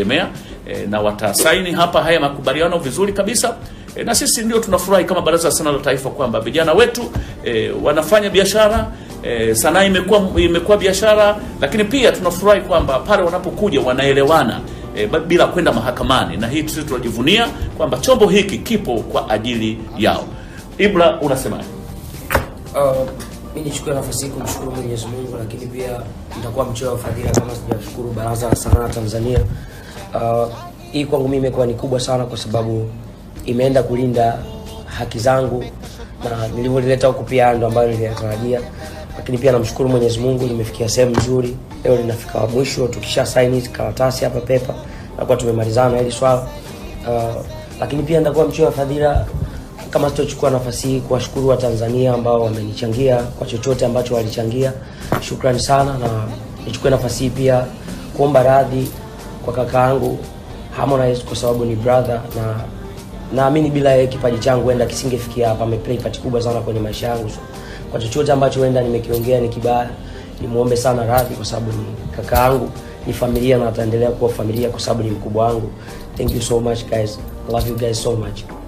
Emea, e, na watasaini hapa haya makubaliano vizuri kabisa e, na sisi ndio tunafurahi kama Baraza la Sanaa la Taifa kwamba vijana wetu e, wanafanya biashara e, sanaa imekuwa imekuwa biashara, lakini pia tunafurahi kwamba pale wanapokuja wanaelewana e, bila kwenda mahakamani, na hii sisi tunajivunia kwamba chombo hiki kipo kwa ajili yao. Ibra, unasemaje? Uh, mimi nichukue nafasi hii kumshukuru Mwenyezi Mungu, lakini pia nitakuwa mchoyo wa fadhila kama sijashukuru Baraza la Sanaa Tanzania Uh, hii kwangu mimi imekuwa ni kubwa sana kwa sababu imeenda kulinda haki zangu na nilivyolileta huku pia ndo ambayo niliyatarajia, lakini pia namshukuru Mwenyezi Mungu limefikia sehemu nzuri. Leo linafika mwisho, tukisha sign hizi karatasi hapa pepa na kwa tumemalizana hili swala uh, lakini pia ndakuwa mchio wa fadhila kama sitochukua nafasi hii kuwashukuru Watanzania ambao wamenichangia kwa chochote ambacho walichangia. Shukrani sana, na nichukue nafasi hii pia kuomba radhi kwa yangu Harmonize kwa sababu ni brother na naamini bila yeye kipaji changu huenda kisingefikia hapa. Ameplay part kubwa sana kwenye maisha yangu. So, kwa chochote ambacho huenda nimekiongea ni kibaya, nimwombe sana radhi kwa sababu ni yangu, ni familia na ataendelea kuwa familia kwa sababu ni mkubwa wangu. Thank you so much guys. Love you guys so much.